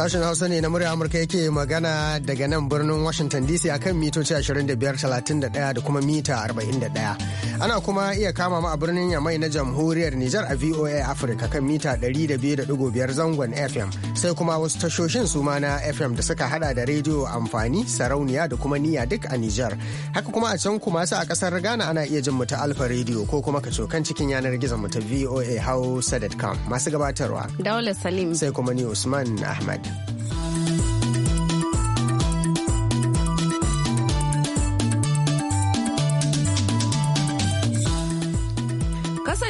Sashen Hausa ne na murya Amurka yake magana daga nan birnin Washington DC akan mitoci 25, 31 da kuma mita 41. Ana kuma iya kama mu a birnin Yamai na Jamhuriyar Nijar a VOA Africa kan mita 200.5 zangon FM sai kuma wasu tashoshin su ma na FM da suka hada da rediyo amfani sarauniya da kuma niya duk a Nijar. Haka kuma a can kuma su a kasar Ghana ana iya jin mu Alfa rediyo ko kuma ka kan cikin yanar gizon mu ta VOA Hausa.com masu gabatarwa. Daula Salim. Sai kuma ni Usman Ahmad.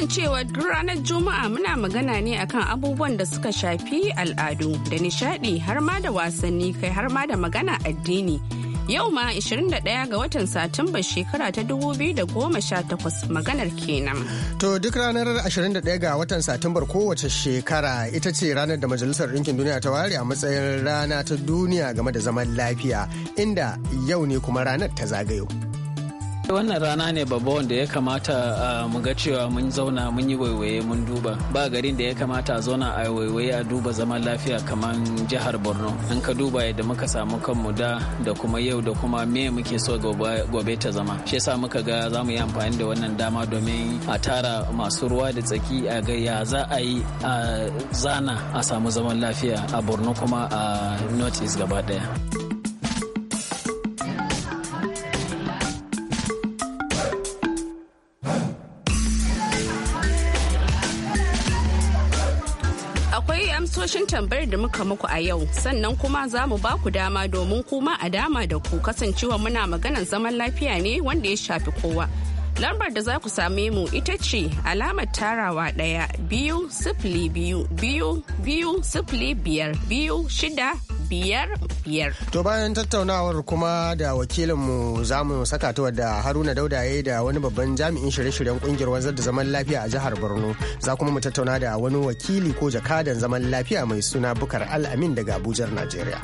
duk ranar Juma'a muna magana ne akan abubuwan da suka shafi al'adu da nishadi har ma da wasanni kai har ma da magana addini. Yau ma 21 ga watan Satumba shekara ta 2018 maganar kenan. To duk ranar 21 ga watan Satumbar kowace shekara ita ce ranar da Majalisar Ɗinkin Duniya ta ware a matsayin rana ta duniya game da zaman lafiya inda yau ne kuma ranar ta zagayo. wannan rana ne babba wanda ya kamata mu ga cewa mun zauna mun yi waiwaye mun duba ba garin da ya kamata a zauna a waiwaye a duba zaman lafiya kamar jihar borno in ka duba yadda muka samu kanmu da da kuma yau da kuma me muke so gobe ta zama shi yasa muka ga za mu yi amfani da wannan dama domin a tara masu ruwa da tsaki a ga ya za a yi a zana a samu zaman lafiya a borno kuma a north gaba daya. tambayar da muka muku a yau sannan kuma za mu ba ku dama domin kuma a dama da ku kasancewa muna maganar zaman lafiya ne wanda ya shafi kowa. Lambar da za ku same mu ita ce alamar tarawa ɗaya biyu sifili biyu biyu biyu sifili biyar biyu shida biyar biyar. To bayan tattaunawar kuma da wakilinmu za mu saka ta wadda Haruna Dauda ya da wani babban jami'in shirye-shiryen kungiyar wanzar da zaman lafiya a jihar Borno. Za kuma mu tattauna da wani wakili ko jakadan zaman lafiya mai suna Bukar Al-Amin daga abuja Najeriya.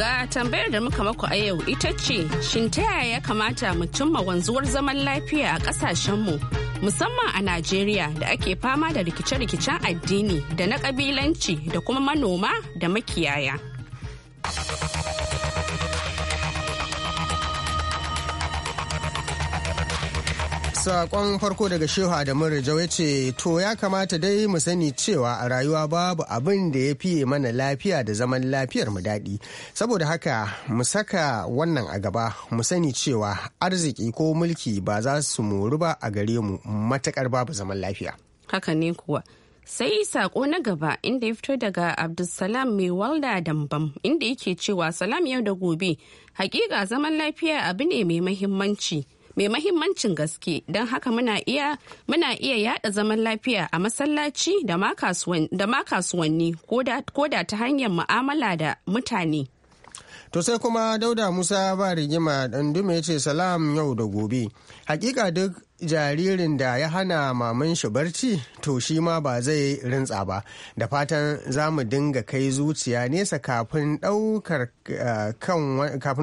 ga tambayar da muka maku a yau ita ce shin ta yaya ya kamata mu cimma wanzuwar zaman lafiya a mu musamman a Najeriya da ake fama da rikice-rikicen addini da na kabilanci da kuma manoma da makiyaya. Sakon farko daga Shehu Adamu Rijau ya ce, To ya kamata dai mu sani cewa a rayuwa babu abin da ya fiye mana lafiya da zaman lafiyar mu daɗi. Saboda haka mu saka wannan a gaba mu sani cewa arziki ko mulki ba za su moru ba a gare mu matakar babu zaman lafiya. Haka ne kuwa. sai sako na gaba inda ya fito daga abdulsalam mai walda dambam inda yake cewa salam yau da gobe hakika zaman lafiya abu ne mai mahimmanci mai mahimmancin gaske don haka muna iya muna iya yada zaman lafiya a masallaci da ma kasuwanni ko da ta hanyar mu'amala da mutane. To sai kuma Dauda Musa ba rigima ɗandume ya ce salam yau da gobe. Hakika duk jaririn da ya hana maman shi barci to shi ma ba zai rintsa ba da fatan za mu dinga kai zuciya nesa eh, kafin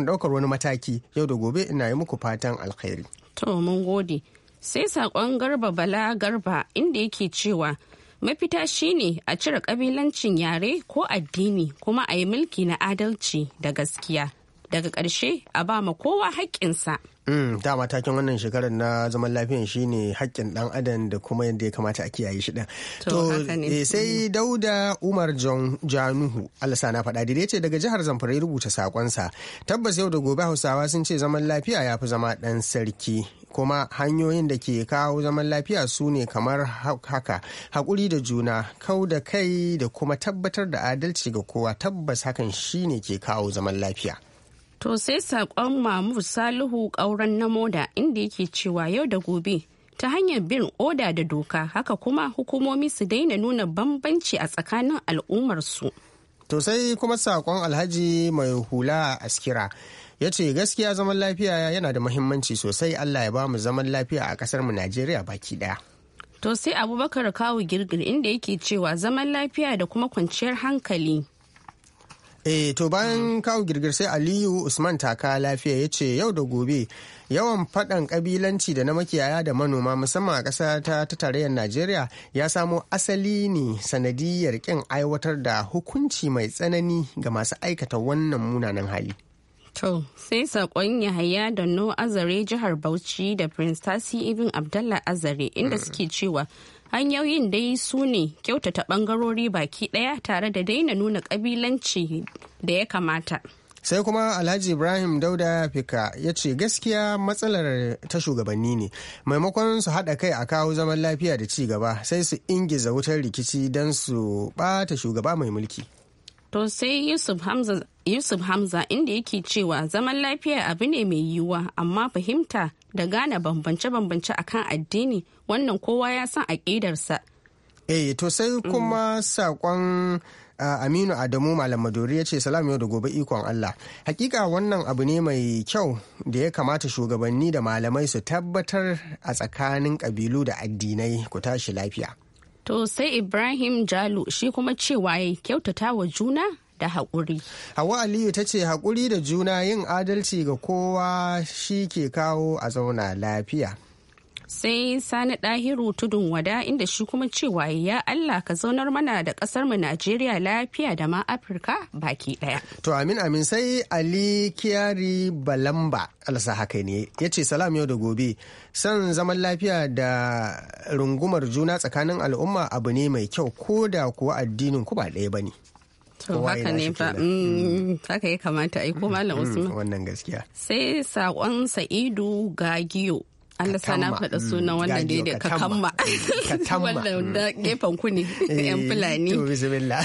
ɗaukar wani mataki yau da gobe ina yi muku fatan alkhairi to mun gode sai saƙon garba bala garba inda yake cewa mafita shine a cire ƙabilancin yare ko addini kuma a yi mulki na adalci da gaskiya daga ƙarshe a ba ma kowa haƙƙinsa. Mm, da matakin wannan shekarar na zaman lafiyan shine haƙƙin ɗan adam da kuma yadda ya kamata a kiyaye shi ɗin. To, eh, sai mm. Dauda Umar John Januhu, Allah na faɗa da ce daga jihar Zamfara ya rubuta saƙonsa. Tabbas yau da gobe Hausawa sun ce zaman lafiya ya fi zama ɗan sarki. kuma hanyoyin da ke kawo zaman lafiya su ne kamar haka haƙuri da juna kau da kai da kuma tabbatar da adalci ga kowa tabbas hakan shine ke kawo zaman lafiya. To sai saƙon Mamu Salihu ƙauren na moda inda yake cewa yau da gobe ta hanyar bin oda da doka haka kuma hukumomi su daina nuna bambanci a tsakanin al'ummarsu. To sai kuma saƙon Alhaji mai hula a askira. ya ce gaskiya zaman lafiya yana da muhimmanci sosai allah ya ba mu zaman lafiya a kasar mu najeriya baki daya to sai abubakar kawu girgir inda yake cewa zaman lafiya da kuma kwanciyar hankali eh to bayan mm. kawo girgir sai aliyu usman taka lafiya ya ce yau da gobe yawan faɗan ƙabilanci da na makiyaya da manoma musamman a ƙasa ta tarayyar najeriya ya samo asali ne sanadiyar ƙin aiwatar da hukunci mai tsanani ga masu aikata wannan munanan hali To, sai saƙon Yahaya da No Azare jihar Bauchi da Prince Tasi Ibn Abdallah Azare inda mm. suke cewa hanyoyin dai su ne kyautata bangarori baki daya tare da daina nuna kabilanci da ya kamata sai kuma alhaji ibrahim dauda fika ya ce gaskiya matsalar ta shugabanni ne maimakon su haɗa kai a kawo zaman lafiya da ci gaba sai su ingiza wutar rikici don su ɓata shugaba mai mulki to sai yusuf yusuf hamza inda yake cewa zaman lafiya abu ne mai yiwuwa amma fahimta da gane bambance-bambance akan addini wannan kowa ya san aƙidarsa. eh to sai mm. kuma saƙon ah, aminu adamu malam maduri ya ce salam yau da gobe ikon allah hakika wannan abu ne mai kyau da ya kamata shugabanni da malamai su tabbatar a tsakanin ƙabilu da addinai ku tashi lafiya to sai ibrahim jalu shi kuma cewa ya kyautata wa juna da haƙuri. Hawa Aliyu ta ce haƙuri da juna yin adalci ga kowa shi ke kawo a zauna lafiya. sai sani ɗahiru tudun wada inda shi kuma cewa ya Allah ka zaunar mana da ƙasar mu Najeriya lafiya da ma Afirka baki ɗaya. To amin amin sai Ali Kiyari Balamba alasa haka ne ya ce salam yau da gobe san zaman lafiya da rungumar juna tsakanin al'umma abu ne mai kyau ko da kuwa addinin ku ba ɗaya ba ne. kowa haka ne ba mm, mm. haka ya kamata ai ko malam mm, usman wannan gaskiya sai saƙon sa'idu gagiyo Allah sana faɗa mm, sunan wannan da da ka Katamma. Wannan mm. da gefen ku ne yan eh, Fulani.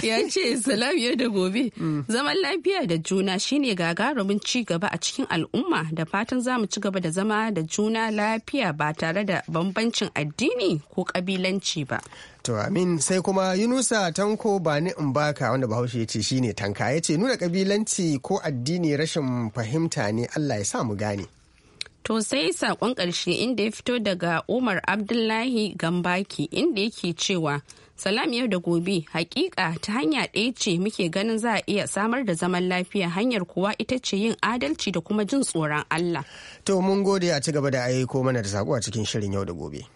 Ya ce salam yau da gobe. Mm. Zaman lafiya da juna shine gagarumin ci gaba a cikin al'umma da fatan za mu ci gaba da zama da juna lafiya ba tare da bambancin addini ko kabilanci ba. To amin sai kuma Yunusa Tanko bani ni in baka wanda Bahaushe ya ce shine tanka ya ce nuna kabilanci ko addini rashin fahimta ne Allah ya sa mu gane. To sai sakon ƙarshe inda ya fito daga Umar Abdullahi Gambaki inda yake cewa Salam yau da gobe hakika ta hanya ɗaya ce muke ganin za a iya samar da zaman lafiya hanyar kuwa ita ce yin adalci da kuma jin tsoron Allah. To mun gode a ci gaba da aiko mana da sako a cikin shirin yau da gobe.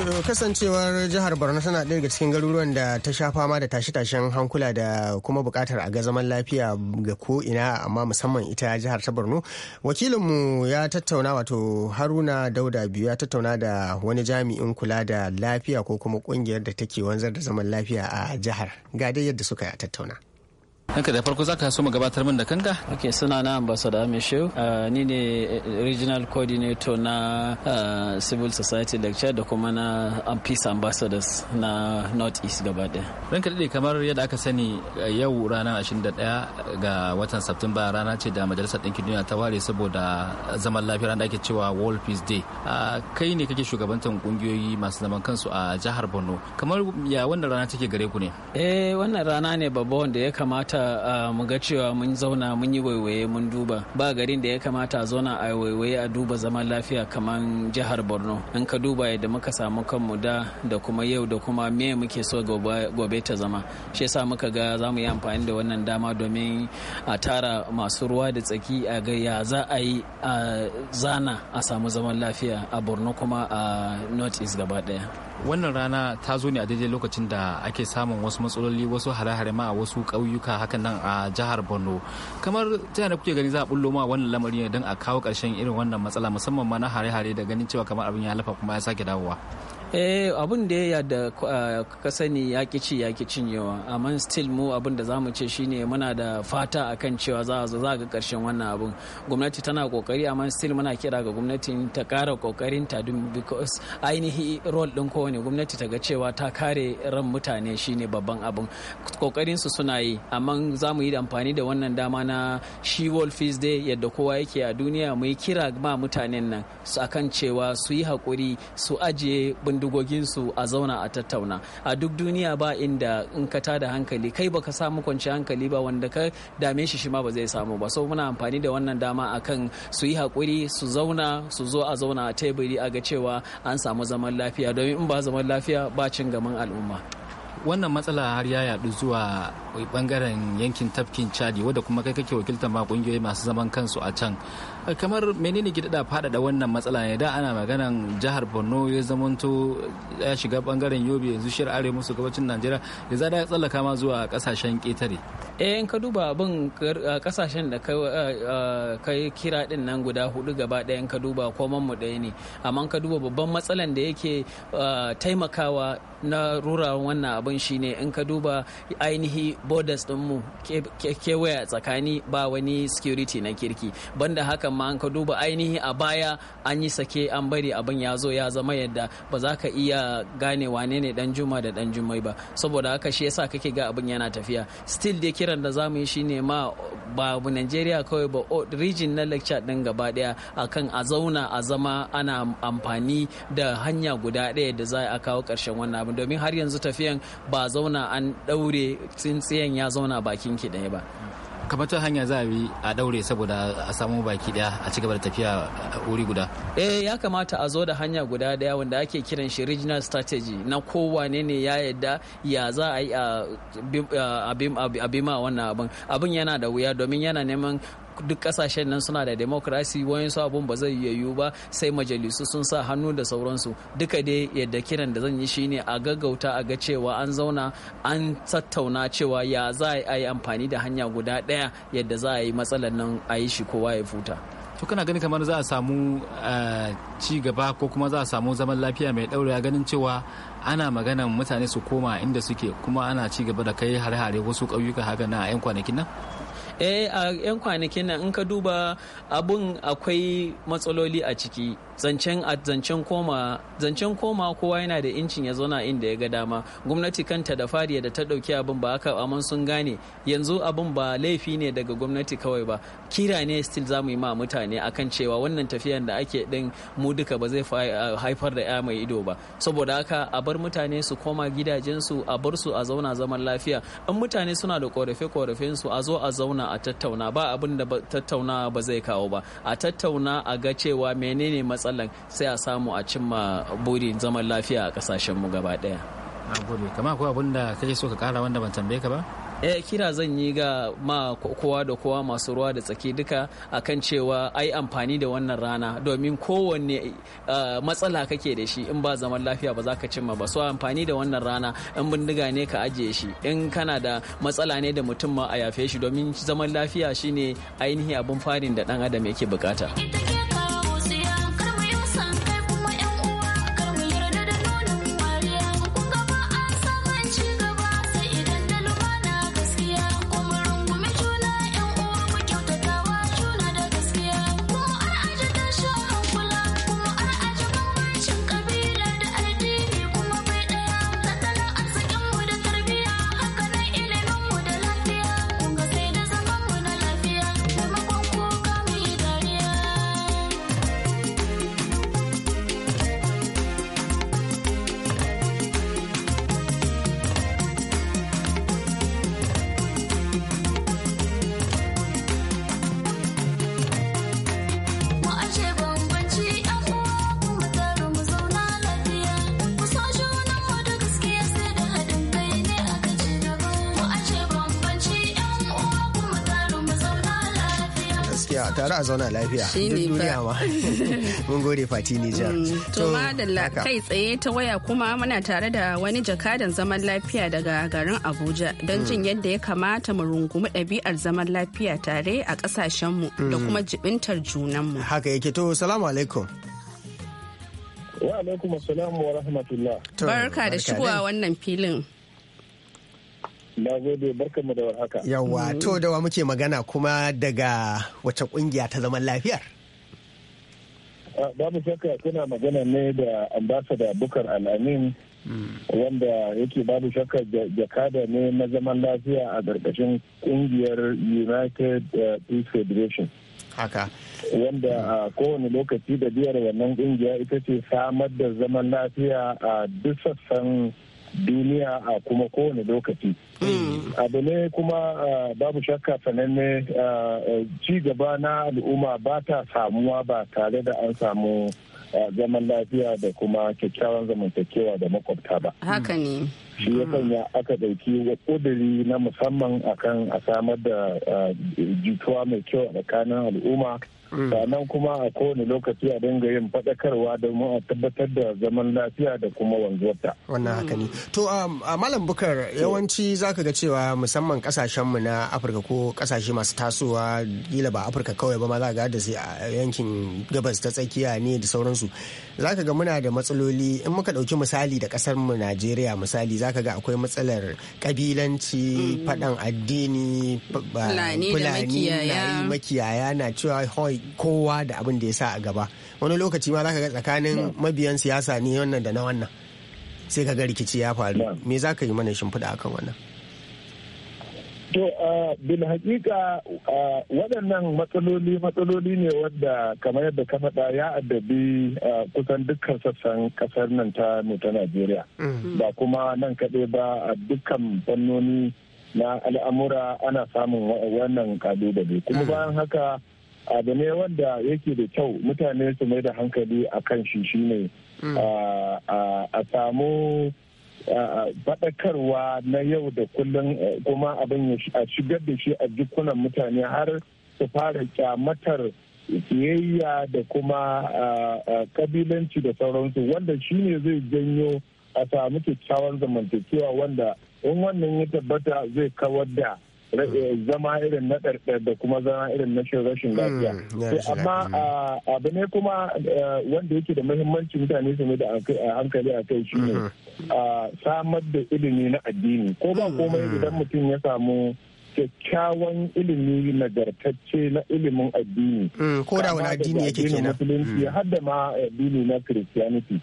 To kasancewar jihar Borno tana ɗaya daga cikin garuruwan da ta sha fama da tashe-tashen hankula da kuma bukatar a ga zaman lafiya ga ko ina amma musamman ita jihar ta Borno. Wakilinmu ya tattauna wato Haruna Dauda biyu ya tattauna da wani jami'in kula da lafiya ko kuma ƙungiyar da take wanzar da zaman lafiya a jihar. Ga dai yadda suka tattauna. Danka da farko zaka so mu gabatar min da kanka? Ok, suna na ambassador Amishu, ah, ni ne eh, regional coordinator na ah, civil society lecture da kuma na um, peace ambassadors na north east gaba daya. Ranka dade kamar yadda aka sani yau ranar 21 ga watan Satumba rana ce da majalisar ɗinkin duniya ta ware saboda zaman lafiya da ake cewa World Peace Day. Ah, kai ne kake shugabantar kungiyoyi masu zaman kansu a jihar Borno. Kamar ya wannan rana take gare ku ne? Eh, wannan rana ne babba wanda ya kamata kamata ah, mu ga cewa mun zauna mun yi waiwaye mun duba ba garin da ya kamata a zauna a waiwaye a duba zaman lafiya kamar jihar borno in ka duba yadda muka samu kanmu da da kuma yau da kuma me muke so gobe ta zama shi yasa muka ga za mu yi amfani da wannan dama domin a tara masu ruwa da tsaki a ga ya za a yi a zana a samu zaman lafiya a borno kuma a north east gaba daya wannan rana ta zo ne a daidai lokacin da ake samun wasu matsaloli wasu hare-hare ma a wasu ƙauyuka hakan nan a jihar borno kamar ta da kuke gani za a bullo ma wannan lamari ne don a kawo karshen irin wannan matsala musamman ma na hare-hare da ganin cewa kamar abin ya lafa kuma ya sake dawowa eh abun da ya da ka sani ya ci ya cinyewa amma still mu abun da zamu ce shine muna da fata akan cewa za za ga karshen wannan abun gwamnati tana kokari amma still muna kira ga gwamnati ta kara kokarin ta dun because ainihi role din kowane gwamnati ta ga cewa ta kare ran mutane shine babban abun kokarin su suna yi amma zamu yi da amfani da wannan dama na shi wolfis day yadda kowa yake a duniya mu yi kira ma mutanen nan su akan cewa su yi hakuri su ajiye bin bindigoginsu a zauna a tattauna a duk duniya ba inda in ka tada hankali kai baka samu kwanci hankali ba wanda ka dame shi shima ba zai samu ba so muna amfani da wannan dama akan su yi hakuri su zauna su zo a zauna a teburi a ga cewa an samu zaman lafiya domin in ba zaman lafiya ba cin gaban al'umma wannan matsala har ya yadu zuwa bangaren yankin tafkin chadi wadda kuma kai kake wakiltar ma kungiyoyi masu zaman kansu a can eh, kamar menene ki da faɗaɗa wannan matsala ne da ana maganan jihar borno ya zamanto ya shiga bangaren yobe yanzu shiyar arewa musu gabacin najeriya ya zada ya tsallaka ma zuwa kasashen ketare. eh in ka duba abin eh, kasashen da ka eh, eh, kira din nan guda hudu gaba ɗaya in ka duba koman mu ɗaya ne amma ka duba babban matsalan da yake taimakawa na rurawan wannan abin shine in ka duba ainihi borders din mu kewaye tsakani ba wani security na kirki banda hakan ma an ka duba ainihi a baya an yi sake an bari abin ya zo ya zama yadda ba za ka iya gane wane ne dan juma da dan jumai ba saboda haka shi yasa kake ga abin yana tafiya still dai kira kiran da zamu yi shine ma ba Najeriya kawai ba region na lecture din gaba daya akan a zauna a zama ana amfani da hanya guda daya da za a kawo karshen wannan abin domin har yanzu tafiyan ba zauna an daure tsintsiyan ya zauna bakin ki ba. kamar ta hanya za a bi a daure saboda a samu baki daya a cigaba da tafiya wuri guda eh ya kamata a zo da hanya guda daya wanda ake kiran shi regional strategy na kowane ne ya yadda ya za a yi a bima wannan abin abin yana da wuya domin yana neman duk kasashen nan suna da demokrasi wayansu abun ba zai yiwu ba sai majalisu sun sa hannu da sauransu duka dai yadda kiran da zan yi shine a gaggauta a ga cewa an zauna an tattauna cewa ya za a yi amfani da hanya guda daya yadda za a yi matsalar nan a yi shi kowa ya futa to kana gani kamar za a samu eh, ci gaba ko kuma za a samu zaman lafiya mai a ganin cewa ana maganan mutane su koma inda suke kuma ana ci gaba da kai hare-hare wasu ƙauyuka haka na 'yan kwanakin nan eh a 'yan kwanakin nan in ka duba abun akwai matsaloli a ciki zancen zancen koma zancen koma kowa yana da incin ya zauna inda ya ga dama gwamnati kanta da fariya da ta dauki abin ba haka amma sun gane yanzu abin ba laifi ne daga gwamnati kawai ba kira ne still za mu yi ma mutane akan cewa wannan tafiyan da ake din mu duka ba zai haifar da ya mai ido ba saboda haka a bar mutane su koma gidajensu a bar su a zauna zaman lafiya in mutane suna da korafe korafen su a zo a zauna a tattauna ba abin da tattauna ba zai kawo ba a tattauna a ga cewa menene matsala sallan sai a samu a cimma burin zaman lafiya a kasashen mu gaba daya na kama ko abin da kake so ka kara wanda ban tambaye ka ba eh kira zan yi ga ma kowa da kowa masu ruwa da tsaki duka akan cewa ai amfani da wannan rana domin kowanne eh, matsala kake da shi in ba zaman lafiya ba za ka cimma ba so amfani da wannan rana in bindiga ne ka ajiye shi in kana da matsala ne da mutum ma a yafe shi domin zaman lafiya shine ainihi abin farin da dan adam yake bukata. tare a zauna lafiya duk duniya ma mun gode fati nijar mm, to madalla kai tsaye ta waya kuma muna tare da wani jakadan zaman lafiya daga garin abuja don jin mm. yadda ya kamata mu rungumi ɗabi'ar zaman lafiya tare a ƙasashenmu da mm. kuma jibintar junanmu haka yake to salamu alaikum wa alaikum assalamu wa rahmatullah barka da shigowa wannan filin Na gode barka mu da warhaka. Yawwa mm. to da muke magana kuma daga wace kungiya ta zaman lafiyar? Ah, babu shakka kuna magana ne da ambasada Bukar Al'amin mm. wanda yake babu shakka jakada ne na zaman lafiya a ƙarƙashin kungiyar United eh, Peace Federation. Haka. Wanda mm. a kowane lokaci da biyar wannan kungiya ita ce samar da zaman lafiya a duk sassan duniya a kuma kowane lokaci. Hmm. Abu ne kuma babu shakka sananne ci gaba na al'umma ba ta samuwa ba tare da an samu zaman lafiya da kuma kyakkyawan zamantakewa da makwabta ba. Haka ne. Shi ya sanya aka ɗauki ƙuduri na musamman akan a samar da jituwa mai kyau a tsakanin al'umma. Mm. sannan kuma a kowane lokaci a dinga yin faɗakarwa domin a tabbatar da zaman lafiya da kuma wanzuwarta. Wannan haka ne. To um, a malam bukar yawanci zaka ga cewa musamman mu na Afirka ko ƙasashe masu tasowa gila ba Afirka kawai ba ma za ga da sai a yankin gabas ta tsakiya ne da sauransu. Za ka ga muna da matsaloli in muka ɗauki misali da kasar mu Najeriya misali za ka ga akwai matsalar kabilanci mm. faɗan addini fulani da makiyaya na cewa hoi kowa da abin da ya sa a gaba wani lokaci ma za ka ga tsakanin mabiyan siyasa ne wannan da na wannan sai ka ga rikici ya faru me za ka yi mana shimfiɗa akan wannan To, uh, bin hakika uh, waɗannan matsaloli matsaloli ne wadda kamar yadda ka faɗa ya addabi uh, kusan dukkan sassan ƙasar nan ta ta Najeriya. Mm. Ba kuma nan kaɗai ba a dukkan fannoni na al'amura ana samun wannan ƙalubale. Kuma mm. bayan haka abu ne wanda yake da kyau mutane su mai da hankali a kan shi shine mm. a samu Eh, faɗakarwa na yau da kullum eh, kuma abin a shigar da shi a jikunan mutane har su fara kyamatar siyayya da kuma eh, kabilanci da sauransu wanda shi ne zai janyo a samu kyakkyawan zamantakewa wanda in wannan ya tabbata zai kawar da zama irin na ɗarɗar da kuma zama irin na rashin hmm, lafiya. Amma hmm. ah, abu ne kuma ah, wanda yake da muhimmanci mutane su da ah, hankali a kai shine hmm. samar da ilimi na addini. Ko ba komai idan mutum ya samu kyakkyawan ilimi nagartacce na ilimin addini. Ko da wani addini yake kenan. addini har da ma addini na Christianity.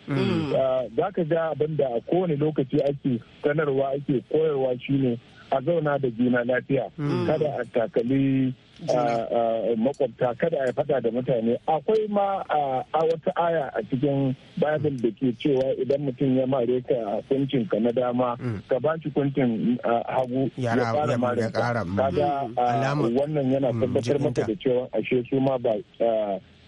Za ka ga abin da a kowane lokaci ake sanarwa ake koyarwa shine a zauna da juna lafiya hmm. kada a takali makwabta kada a fada da mutane akwai ma a wata aya a cikin bayan da ke cewa idan mutum ya mare ka kuncin ka na dama hmm. ka ba shi kuncin hagu ya fara mara kada hmm. wannan yana tabbatar maka da cewa ashe su ma ba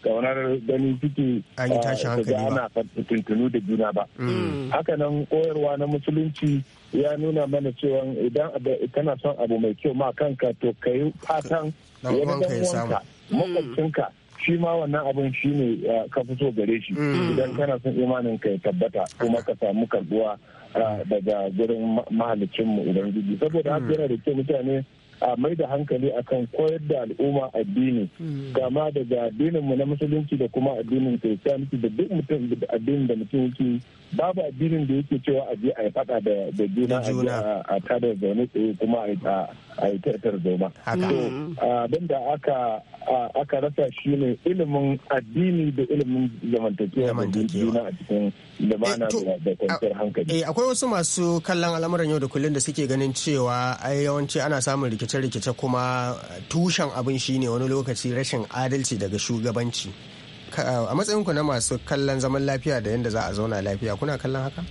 kaunar ganin ciki da ah, ana tuntunu da juna ba. Mm. Hakanan koyarwa na musulunci ya nuna mana cewa idan kana son abu mai kyau ma kanka to ka yi fatan wani ɗan'uwanka, makwabcinka shi ma wannan abin shi ne ah, ka fi so gare shi mm. idan kana son imanin ka ya tabbata kuma ka samu karbuwa ah, daga gurin mahalicinmu idan saboda haka mm. yana da kyau mutane a mai da hankali akan koyar da al'umma addini hmm. kama daga addininmu na musulunci da kuma addinin kiristanci da duk mutum da addinin da mutum yake babu addinin da yake cewa a je a yi fada da juna a tada zaune tsaye kuma a yi tattar zoma. Hmm. Abin da aka rasa shi ne ilimin addini da ilimin zamantakewa da juna a cikin limana eh, da kwanciyar hankali. Eh, akwai wasu masu kallon al'amuran yau da kullum da suke ganin cewa ai yawanci ana samun rikici rikice-rikice kuma tushen abin shine wani lokaci rashin adalci daga shugabanci a matsayinku na masu kallon zaman lafiya da yadda za a zauna lafiya kuna kallon haka?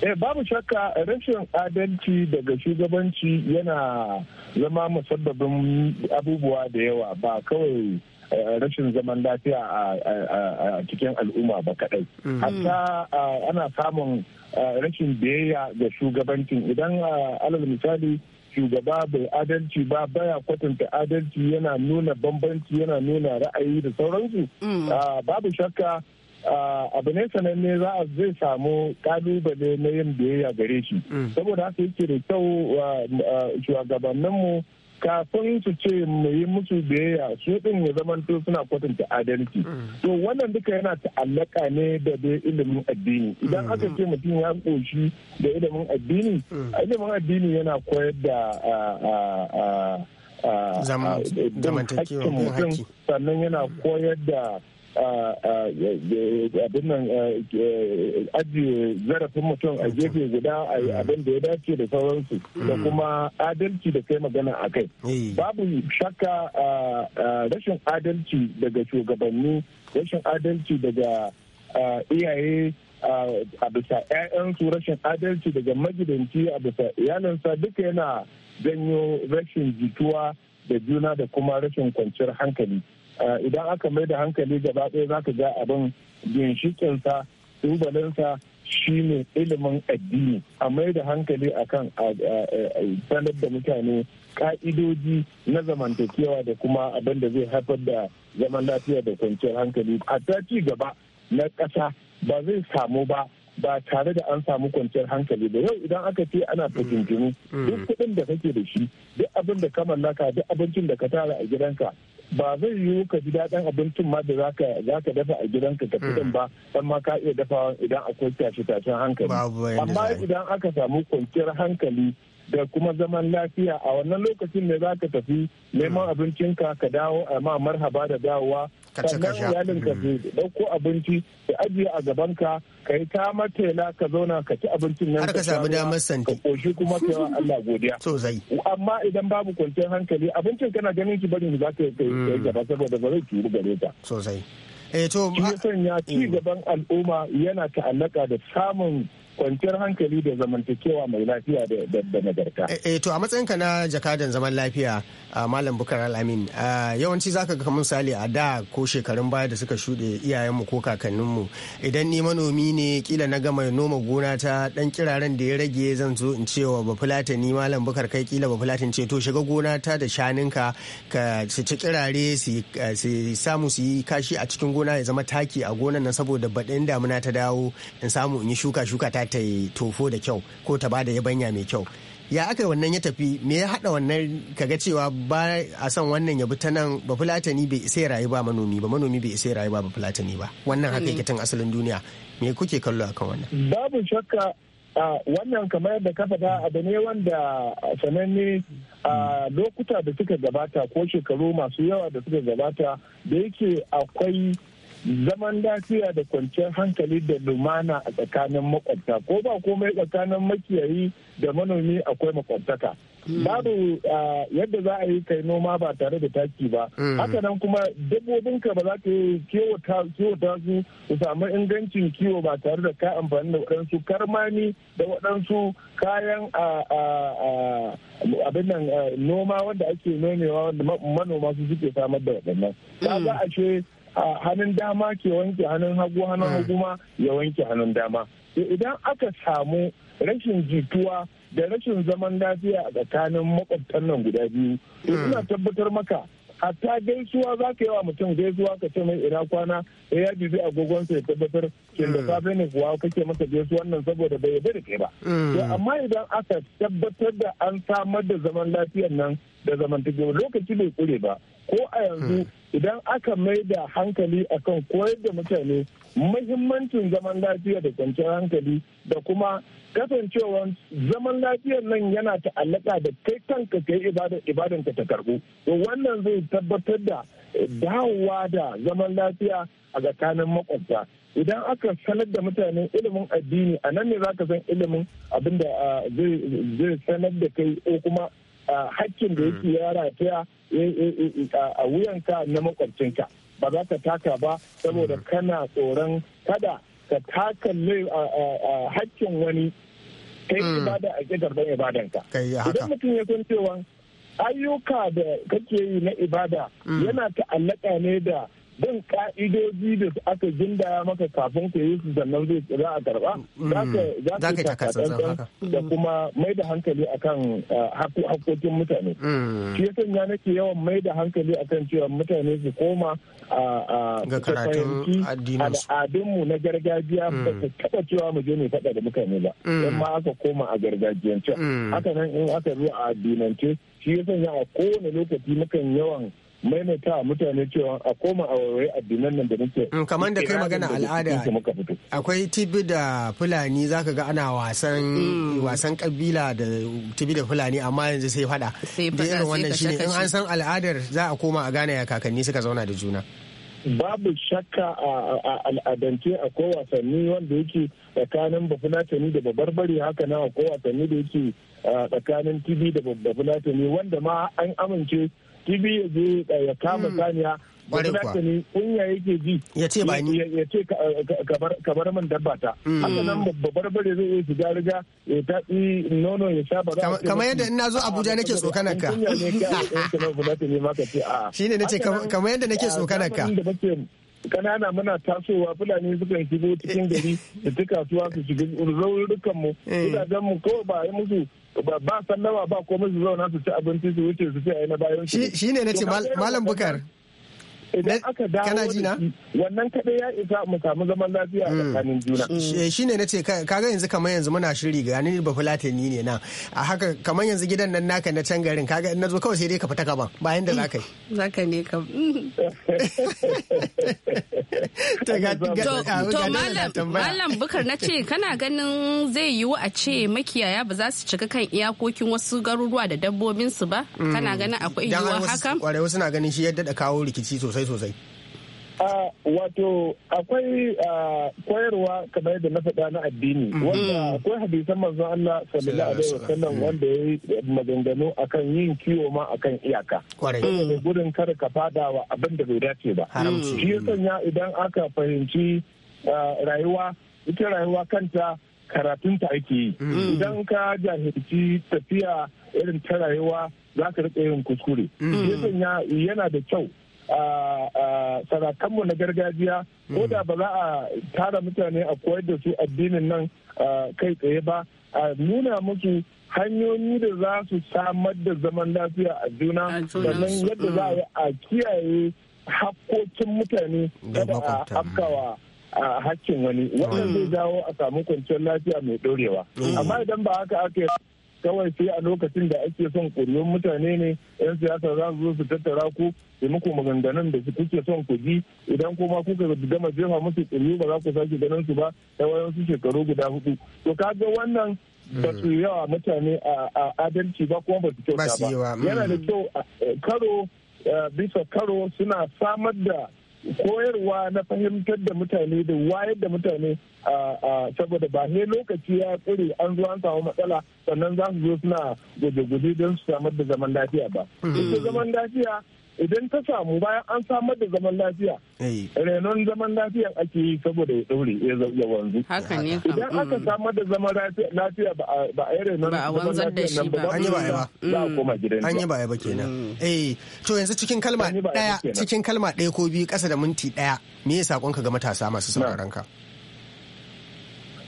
Eh, babu shakka rashin adalci daga shugabanci yana zama musabbabin abubuwa da yawa ba kawai eh, rashin zaman lafiya a cikin al'umma ba kadai. Mm. Hatta ana samun eh, rashin biyayya ga shugabancin idan alal misali shugaba bai adalci ba baya kwatanta adalci yana nuna bambanci yana nuna ra'ayi da sauransu mm. ah, babu shakka ah, abu ne sananne za a zai samu kalubale na yin biyayya gare shi mm. saboda haka yake da kyau ah, shugabanninmu kafin su ce mu yi musu biyayya su din ya zamanto suna kwatanta adalci to wannan duka yana ta'allaka ne da da ilimin addini idan mm. aka ce mutum ya koshi da ilimin addini mm. ilimin addini yana koyar da zamantakewa sannan yana mm. koyar da abin nan ajiye zarafin mutum a gefe guda a mm. abin da ya dace da sauransu da mm. kuma adalci da kai magana a kai babu shakka rashin adalci daga shugabanni rashin adalci daga iyaye a bisa 'ya'yansu rashin adalci daga magidanci a bisa iyalinsa duka yana janyo rashin jituwa da juna da kuma rashin kwanciyar hankali Eh, idan aka mai da hankali gaba ɗaya za ka ga abin ginshikinsa tubalinsa shi ne ilimin addini a mai da hankali akan sanar da mutane ka'idoji na zamantakewa da kuma abin da zai haifar da zaman lafiya da kwanciyar hankali a ta ci gaba na ƙasa ba zai samu ba ba tare da an samu kwanciyar hankali ba yau idan aka ce ana fitintinu mm. duk kuɗin da kake da shi duk abin da ka mallaka duk abincin da ka tara a gidanka ba zai yiwu ka ji daɗin abincin ma da za ka dafa a gidanka ka fitin ba dan ma ka iya dafawa idan akwai tashi tashen hankali amma idan aka samu kwanciyar hankali da kuma zaman lafiya a wannan lokacin ne za ka tafi neman hmm. abincinka ka dawo a ma marhaba da dawowa sannan iyalin ka su dauko hmm. abinci ka ajiye a gaban ka ka yi ta matela ka zauna ka ci abincin nan ka samu damar santi ka koshi kuma ka Allah godiya zai amma idan babu kwanciyar hankali abincin kana ganin shi barin za ka yi hmm. gaba saboda ba zai turu gare ta zai eh to ya sanya ci gaban al'umma yana ta'allaka da samun kwanciyar hankali da zamantakewa mai lafiya da nagarta. E, to a matsayinka na jakadan zaman lafiya a Malam Bukar al-Amin, yawanci zaka ga kamar misali a da ko shekarun baya da suka shuɗe iyayenmu ko kakanninmu idan ni manomi ne kila na gama noma gona ta dan kiraren da ya rage zan zo in ce wa bafulata ni Malam Bukar kai kila in ce to shiga gona ta da shaninka ka su ci kirare su samu su yi kashi a cikin gona ya zama taki a gonan nan saboda baɗin damuna ta dawo in samu in yi shuka shuka ta ta yi tofo da kyau ko ta bada yabanya mai kyau ya aka wannan ya tafi me ya hada wannan kaga cewa ba a san wannan ya bi ta nan ba fulatani bai isa rayu ba manomi ba manomi bai isa rayu ba ba fulatani ba wannan haka yake tun asalin duniya me kuke kallo akan wannan babu shakka wannan kamar yadda ka faɗa abu ne wanda sananne a lokuta da suka gabata ko shekaru masu yawa da suka gabata da yake akwai zaman lafiya da kwanciyar hankali da lumana a tsakanin makwabta ko ba komai tsakanin makiyayi da manomi akwai makwabtaka hmm. babu yadda za a yi kai noma ba tare da taki ba hmm. haka nan kuma dabbobin ka ba za ka yi kewata su su samu ingancin kiwo ba tare da ka amfani da waɗansu karmani da waɗansu kayan abin nan noma wanda ake nomewa wanda manoma su suke samar da waɗannan. Ba za a ce hannun dama ke wanke hannun hagu hannun hmm. hagu ma ya wanke hannun dama idan aka samu rashin jituwa da rashin zaman lafiya a tsakanin makwabtan nan guda biyu hmm. ina tabbatar maka hatta gaisuwa za ka yi wa mutum gaisuwa ka ce mai ina kwana ya ya bibi ya tabbatar ke da hmm. safe ne kuwa kake masa gaisuwa nan saboda bai yabe da kai ba amma idan aka tabbatar da an samar da zaman lafiyar nan da zamantakewa lokaci bai kure ba ko a yanzu hmm. idan aka mai da hankali akan koyar da mutane mahimmancin zaman lafiya da kwanciyar hankali da kuma kasancewa zaman lafiyar nan yana ta'allaka da kai kanka kai ibadan ka ta karbu to wannan zai tabbatar da dawowa da zaman lafiya a tsakanin makwabta idan aka sanar da mutane ilimin addini a nan ne za ka san ilimin abin da ah, zai sanar da kai ko kuma hakkin da yake ya rataya a wuyanka na makwabcinka ba za ka taka ba saboda mm. kana tsoron kada ka taka hakkin wani kai mm. ibada a ƙidar don ibadanka idan mutum ya san cewa ayyuka da kake yi na ibada mm. yana ta'allaka ne da bin ka'idoji da aka jinda maka kafin ka yi su sannan zai za a karba mm. za ka takatsantsan da kuma mai da hankali akan hakokin mutane mm. shi ya sanya nake yawan mai da hankali akan cewa mutane su koma ga karatun al'adunmu na gargajiya mm. ba su taba cewa mu je mu faɗa da mutane ba don ma aka koma a gargajiyance haka nan in aka zo a addinance shi ya sanya a kowane lokaci mukan yawan maimaita mutane cewa a koma a wayoyi addinan nan da nake mm, kamar da kai magana al'ada akwai tibi da fulani zaka ga ana wasan mm. wasan kabila da tibi da fulani amma yanzu sai fada da irin wannan shine in an san al'adar za a koma a gane ya kakanni suka zauna da juna babu shakka a al'adance ko wasanni wanda yake tsakanin bafulatani da bari haka na ko wasanni da yake tsakanin tibi da bafulatani wanda ma an amince tibi ya je ya kama mm. saniya ne kuwa ya yake ji ya ce bani ya ce kabar man dabba ta mm. haka nan babbar bare zai yi shiga riga ya tatsi nono ya sha ba za kamar yadda ina zo Abuja nake tsokanar ka shine nace kamar yadda nake eh, tsokanar ka kanana muna tasowa fulani sukan shigo cikin gari da ta kasuwa su shiga raurukan mu eh. gidajen mu ko ba yi musu ba sallama ba komai su zauna su ci abinci su wuce su ci a na bayan shi ne na ce malam bukar idan aka dawo da wannan kaɗai ya isa mu samu zaman lafiya a mm. tsakanin juna shi ne na ce kaga yanzu kamar yanzu muna shiri ga ni ba fulatani ne na a haka kamar yanzu gidan nan naka na can garin kaga na zo kawai sai dai ka fita kaban bayan da ka yi zaka ne ka. to malam bukar na ce kana ganin zai yiwu a ce makiyaya ba za su cika kan iyakokin wasu garuruwa da dabbobinsu ba mm. kana ganin akwai yiwuwa haka kwarai wasu na ganin shi yadda da kawo rikici sosai sosai wato akwai koyarwa kamar yadda na faɗa na addini mm-hmm. wanda mm. akwai hadisan manzon Allah sallallahu alaihi wasallam wanda yi maganganu akan yin kiwo ma akan iyaka saboda gudun kar ka fada wa abin da bai dace ba shi ya sanya idan aka fahimci rayuwa ita rayuwa kanta karatunta ake yi mm. idan ka jahilci tafiya irin ta rayuwa za ka riƙe yin kuskure mm. shi ya sanya yana da kyau sarakanmu na gargajiya ko da ba za a tara mutane a koyar da su addinin nan kai tsaye ba a nuna musu hanyoyi da za su samar da zaman lafiya a juna sannan yadda za a kiyaye hakkokin mutane kada a afkawa a hakkin wani wannan zai mm. jawo a samu kwanciyar lafiya mai ɗorewa mm. amma idan ba haka aka kawai sai a lokacin da ake son ƙuri'un mutane ne 'yan siyasa za su zo su tattara ku su muku maganganun da su kuke son ku ji idan kuma kuka gama jefa musu ƙuri'u ba za ku sake ganin su ba ta wayan su shekaru guda hudu to kaga wannan ba su yawa mutane a adalci ba kuma ba su kyauta ba yana da mm. kyau eh, karo eh, bisa karo suna samar da koyarwa na fahimtar da mutane da wayar da mutane saboda ba ne lokaci ya tsire an zo an samu matsala sannan za su zo suna gwaje-gwaje don su samar da zaman lafiya ba. Ita hmm. zaman lafiya idan ta samu bayan an samar da zaman lafiya eh. renon zaman lafiya ake yi saboda ya daure ya wanzu idan aka mm. samar da zaman lafiya ba a yi renon zaman lafiya nan ba an yi ba ba za a mm. koma gidan an yi ba ba kenan mm. eh to yanzu cikin kalma daya cikin kalma daya ko biyu kasa da minti daya me ya ka ga matasa masu sauraron ka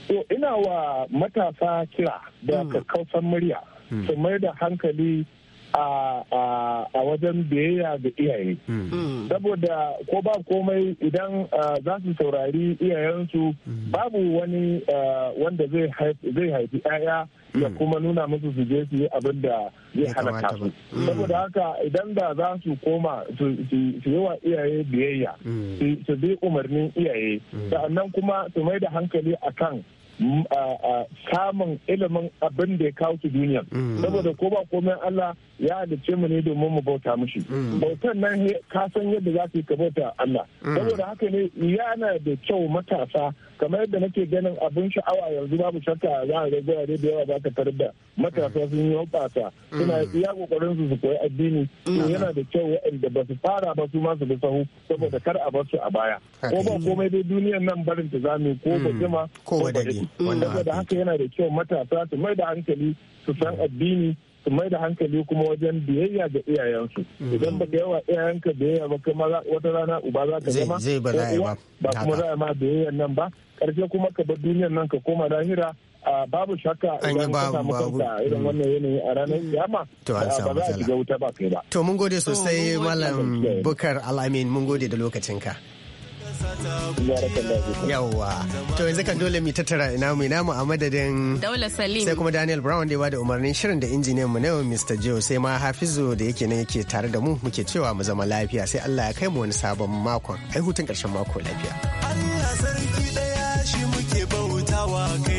ina wa matasa kira da kakkausan murya su mai da hankali a wajen biyayya ga iyaye hmm. saboda ko ba komai idan za su saurari iyayensu hmm. babu wani wanda zai haifi 'ya'ya ya hmm. kuma nuna musu su je su yi abin da zai halaka su saboda haka idan da za su koma su yi wa iyaye biyayya su bi umarnin iyaye sa'annan kuma su mai da hankali a kan samun ilimin abin da ya kawo su duniya mm. saboda ko ba komai Allah ya halice mu ne domin mu bauta mishi mm. bautan nan ka san yadda za ka bauta Allah mm. saboda haka ne yana da kyau matasa kamar yadda nake ganin abin sha'awa yanzu babu shakka za a ga gurare da yawa za ka tarar da matasa sun yi hoɓata suna iya kokarin su su koyi addini yana da kyau waɗanda ba su fara ba su ma su bi sahu saboda kar a bar su a baya ko ba komai dai duniyan nan barin ta zame ko ba jima ko ba dadi saboda haka yana da kyau matasa su mai da hankali su san addini su mai da hankali kuma wajen biyayya ga iyayensu mm-hmm. idan ba da yawa iyayenka biyayya ba kuma wata rana uba za ka zama ba kuma za ma biyayyan nan ba karshe kuma ka bar duniyar nan ka koma lahira babu shakka idan ka samu kanka irin mm. wannan yanayi a ranar mm. kiyama ba za a shiga wuta ba kai ba to mun gode sosai malam bukar alamin mun gode da lokacinka Yawwa. To yanzu kan dole mu tattara ina mu ina mu a madadin Salim. Sai kuma Daniel Brown da ya bada umarnin shirin da injiniyan mu na yau Mr. Joe sai ma Hafizu da yake nan yake tare da mu muke cewa mu zama lafiya sai Allah ya kai mu wani sabon makon. Ai hutun karshen mako lafiya. Allah sarki daya shi muke bautawa kai